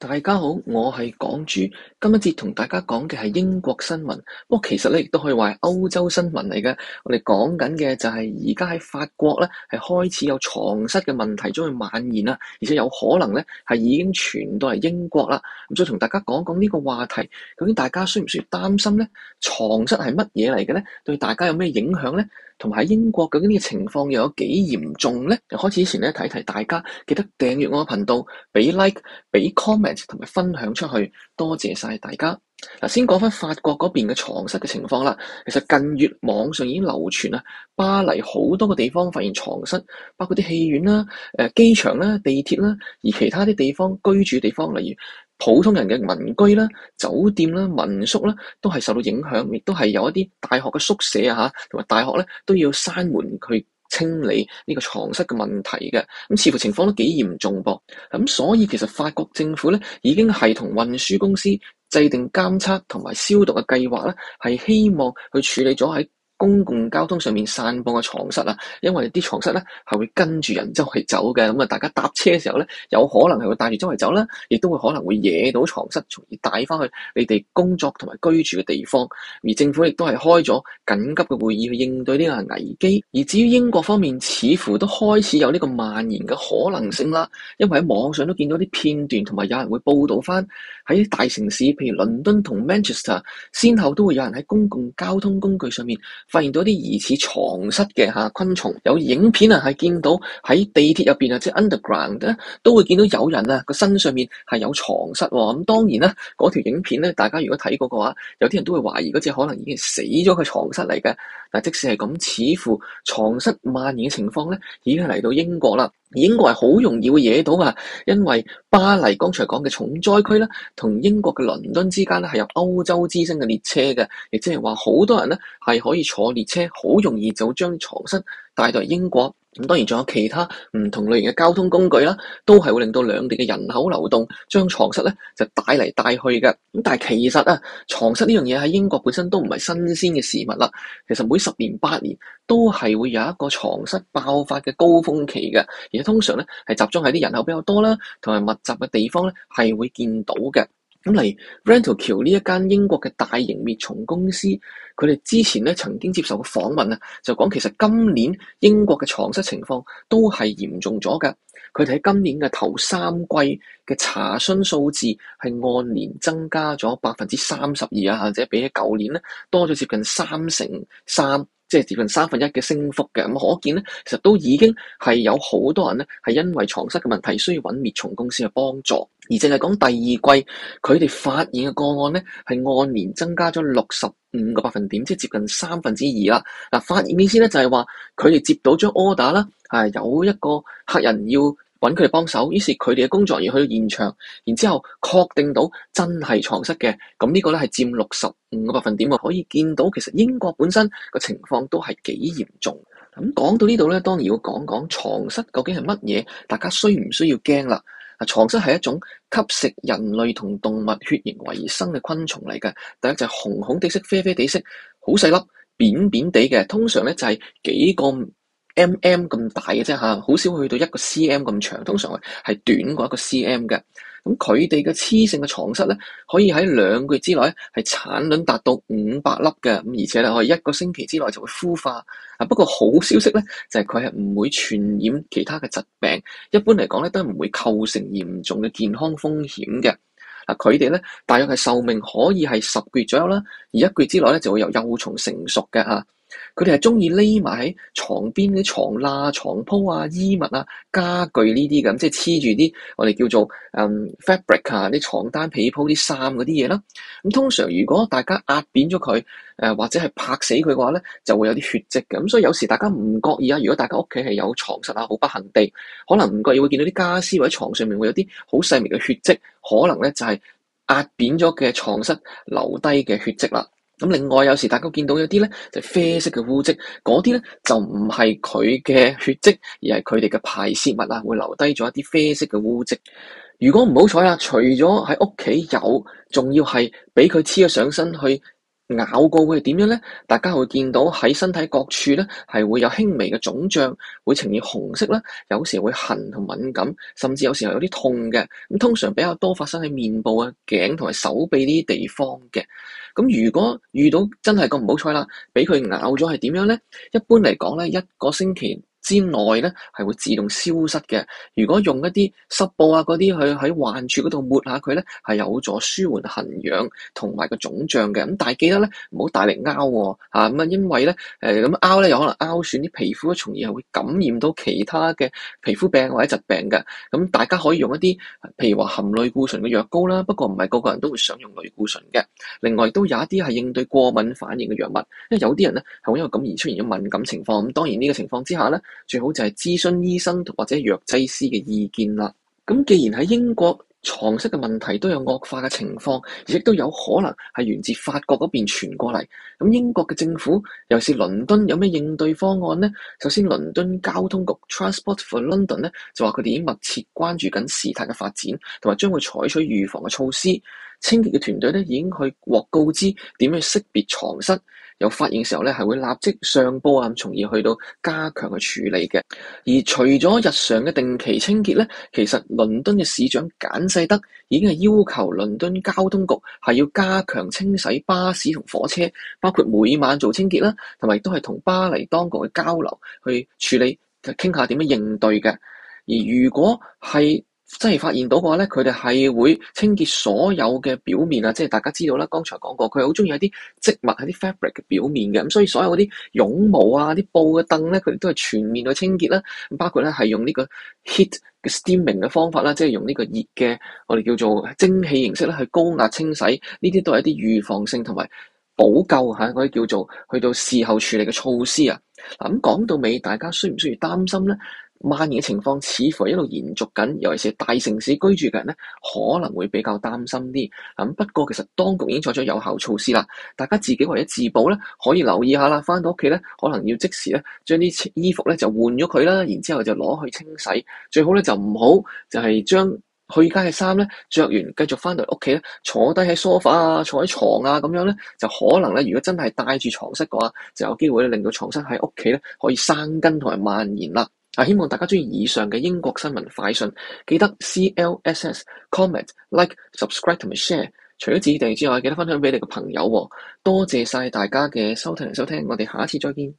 大家好，我係港主。今一節同大家講嘅係英國新聞，不過其實咧亦都可以話係歐洲新聞嚟嘅。我哋講緊嘅就係而家喺法國咧係開始有床蝨嘅問題，將會蔓延啦，而且有可能咧係已經傳到嚟英國啦。咁想同大家講講呢個話題，究竟大家需唔需要擔心咧？床蝨係乜嘢嚟嘅咧？對大家有咩影響咧？同埋喺英國究竟呢個情況又有幾嚴重咧？又開始之前咧，提提大家記得訂閱我嘅頻道，俾 like、俾 comment 同埋分享出去，多謝晒大家。嗱，先講翻法國嗰邊嘅床蝨嘅情況啦。其實近月網上已經流傳啊，巴黎好多個地方發現床蝨，包括啲戲院啦、誒機場啦、地鐵啦，而其他啲地方居住嘅地方，地方例如。普通人嘅民居啦、酒店啦、民宿啦，都係受到影響，亦都係有一啲大學嘅宿舍啊，嚇同埋大學咧都要閂門去清理呢個床蝨嘅問題嘅，咁似乎情況都幾嚴重噃。咁所以其實法國政府咧已經係同運輸公司制定監測同埋消毒嘅計劃咧，係希望去處理咗喺。公共交通上面散播嘅床蝨啊，因為啲床蝨咧係會跟住人周圍走嘅，咁啊大家搭車嘅時候咧，有可能係會帶住周圍走啦，亦都會可能會惹到床蝨，從而帶翻去你哋工作同埋居住嘅地方。而政府亦都係開咗緊急嘅會議去應對呢個危機。而至於英國方面，似乎都開始有呢個蔓延嘅可能性啦，因為喺網上都見到啲片段，同埋有，有人會報道翻喺大城市，譬如倫敦同 Manchester，先後都會有人喺公共交通工具上面。發現到啲疑似床蝨嘅昆蟲，有影片啊係見到喺地鐵入邊，即 underground 都會見到有人啊個身上面係有床蝨喎。咁、嗯、當然啦，嗰條影片大家如果睇過嘅話，有啲人都會懷疑嗰隻可能已經死咗嘅床蝨嚟嘅。嗱，但即使係咁，似乎床蝨蔓延嘅情況咧，已經嚟到英國啦。而英國係好容易會惹到㗎，因為巴黎剛才講嘅重災區咧，同英國嘅倫敦之間咧係有歐洲之星嘅列車嘅，亦即係話好多人咧係可以坐列車，好容易就將床蝨帶到英國。咁當然仲有其他唔同類型嘅交通工具啦，都係會令到兩地嘅人口流動，將床蝨呢就帶嚟帶去嘅。咁但係其實啊，床蝨呢樣嘢喺英國本身都唔係新鮮嘅事物啦。其實每十年八年都係會有一個床蝨爆發嘅高峰期嘅，而且通常呢係集中喺啲人口比較多啦，同埋密集嘅地方呢係會見到嘅。咁嚟 Rental 橋呢，一間英國嘅大型滅蟲公司，佢哋之前咧曾經接受個訪問啊，就講其實今年英國嘅藏室情況都係嚴重咗嘅。佢哋喺今年嘅頭三季嘅查詢數字係按年增加咗百分之三十二啊，或者比起舊年咧多咗接近三成三。即係接近三分一嘅升幅嘅，咁可見咧，其實都已經係有好多人咧係因為床蝨嘅問題，需要揾滅蟲公司嘅幫助。而淨係講第二季，佢哋發現嘅個案咧係按年增加咗六十五個百分點，即係接近三分之二啦。嗱，發現意思咧就係話佢哋接到張 order 啦，係、啊、有一個客人要。揾佢哋幫手，於是佢哋嘅工作而去到現場，然之後確定到真係床蝨嘅，咁、這、呢個咧係佔六十五個百分點喎，可以見到其實英國本身個情況都係幾嚴重的。咁講到呢度呢，當然要講講床蝨究竟係乜嘢，大家需唔需要驚啦？啊，床蝨係一種吸食人類同動物血液為生嘅昆蟲嚟嘅，第一就係、是、紅紅地色、啡啡地色，好細粒、扁扁地嘅，通常咧就係幾個。M M 咁大嘅啫嚇，好少去到一個 C M 咁長，通常係短過一個 C M 嘅。咁佢哋嘅雌性嘅床蝨咧，可以喺兩個月之內咧，係產卵達到五百粒嘅。咁而且咧，可以一個星期之內就會孵化。啊，不過好消息咧，就係佢係唔會傳染其他嘅疾病。一般嚟講咧，都唔會構成嚴重嘅健康風險嘅。嗱，佢哋咧，大約係壽命可以係十個月左右啦，而一個月之內咧，就會由幼蟲成熟嘅嚇。佢哋係中意匿埋喺床邊啲床罅、床鋪啊、衣物啊、家具呢啲咁，即係黐住啲我哋叫做嗯 fabric 啊啲床單、被鋪、啲衫嗰啲嘢啦。咁通常如果大家壓扁咗佢，誒或者係拍死佢嘅話咧，就會有啲血跡嘅。咁所以有時大家唔覺意啊，如果大家屋企係有床蝨啊，好不幸地，可能唔覺意會見到啲傢俬或者牀上面會有啲好細微嘅血跡，可能咧就係壓扁咗嘅床蝨留低嘅血跡啦。咁另外有時大家見到有啲呢就啡色嘅污跡，嗰啲呢就唔係佢嘅血跡，而係佢哋嘅排泄物啊，會留低咗一啲啡色嘅污跡。如果唔好彩啦，除咗喺屋企有，仲要係俾佢黐咗上身去。咬過會係點樣咧？大家會見到喺身體各處咧，係會有輕微嘅腫脹，會呈現紅色啦。有時會痕同敏感，甚至有時候有啲痛嘅。咁通常比較多發生喺面部啊、頸同埋手臂呢啲地方嘅。咁如果遇到真係個唔好彩啦，俾佢咬咗係點樣咧？一般嚟講咧，一個星期之內咧係會自動消失嘅。如果用一啲濕布啊嗰啲去喺患處嗰度抹下佢咧，係有助舒緩痕癢同埋個腫脹嘅。咁但係記得咧，唔好大力拗喎、哦、咁啊，因為咧誒咁拗咧有可能拗損啲皮膚，從而係會感染到其他嘅皮膚病或者疾病嘅。咁、嗯、大家可以用一啲譬如話含類固醇嘅藥膏啦，不過唔係個個人都會想用類固醇嘅。另外都有一啲係應對過敏反應嘅藥物，因為有啲人咧係會因為咁而出現咗敏感情況。咁當然呢個情況之下咧。最好就係諮詢醫生或者藥劑師嘅意見啦。咁既然喺英國床蝨嘅問題都有惡化嘅情況，亦都有可能係源自法國嗰邊傳過嚟。咁英國嘅政府尤其是倫敦有咩應對方案呢？首先，倫敦交通局 Transport for London 咧就話佢哋已經密切關注緊事態嘅發展，同埋將會採取預防嘅措施。清潔嘅團隊咧已經去獲告知點樣識別床蝨。有發現嘅時候呢，係會立即上報啊，從而去到加強去處理嘅。而除咗日常嘅定期清潔呢，其實倫敦嘅市長簡世德已經係要求倫敦交通局係要加強清洗巴士同火車，包括每晚做清潔啦，同埋都係同巴黎當局去交流去處理，傾下點樣應對嘅。而如果係，真係發現到嘅話咧，佢哋係會清潔所有嘅表面啊！即係大家知道啦，剛才講過，佢好中意一啲織物、喺啲 fabric 嘅表面嘅。咁所以所有嗰啲絨毛啊、啲布嘅凳咧，佢哋都係全面去清潔啦。包括咧係用呢個 heat 嘅 steaming 嘅方法啦，即係用呢個熱嘅我哋叫做蒸汽形式咧去高壓清洗。呢啲都係一啲預防性同埋補救嚇嗰啲叫做去到事後處理嘅措施啊。嗱咁講到尾，大家需唔需要擔心咧？蔓延嘅情況似乎係一路延續緊，尤其是大城市居住嘅人咧，可能會比較擔心啲。咁不過其實當局已經採取有效措施啦，大家自己為咗自保咧，可以留意下啦，翻到屋企咧，可能要即時咧將啲衣服咧就換咗佢啦，然之後就攞去清洗。最好咧就唔好就係將去街嘅衫咧着完繼續翻到屋企咧坐低喺 sofa 啊，坐喺床啊咁樣咧，就可能咧如果真係帶住床蝨嘅話，就有機會令到床蝨喺屋企咧可以生根同埋蔓延啦。啊！希望大家中意以上嘅英國新聞快訊，記得 CLSS comment like subscribe 同埋 share。除咗自己哋之外，記得分享畀你嘅朋友喎，哦。多謝晒大家嘅收聽收聽，我哋下一次再見。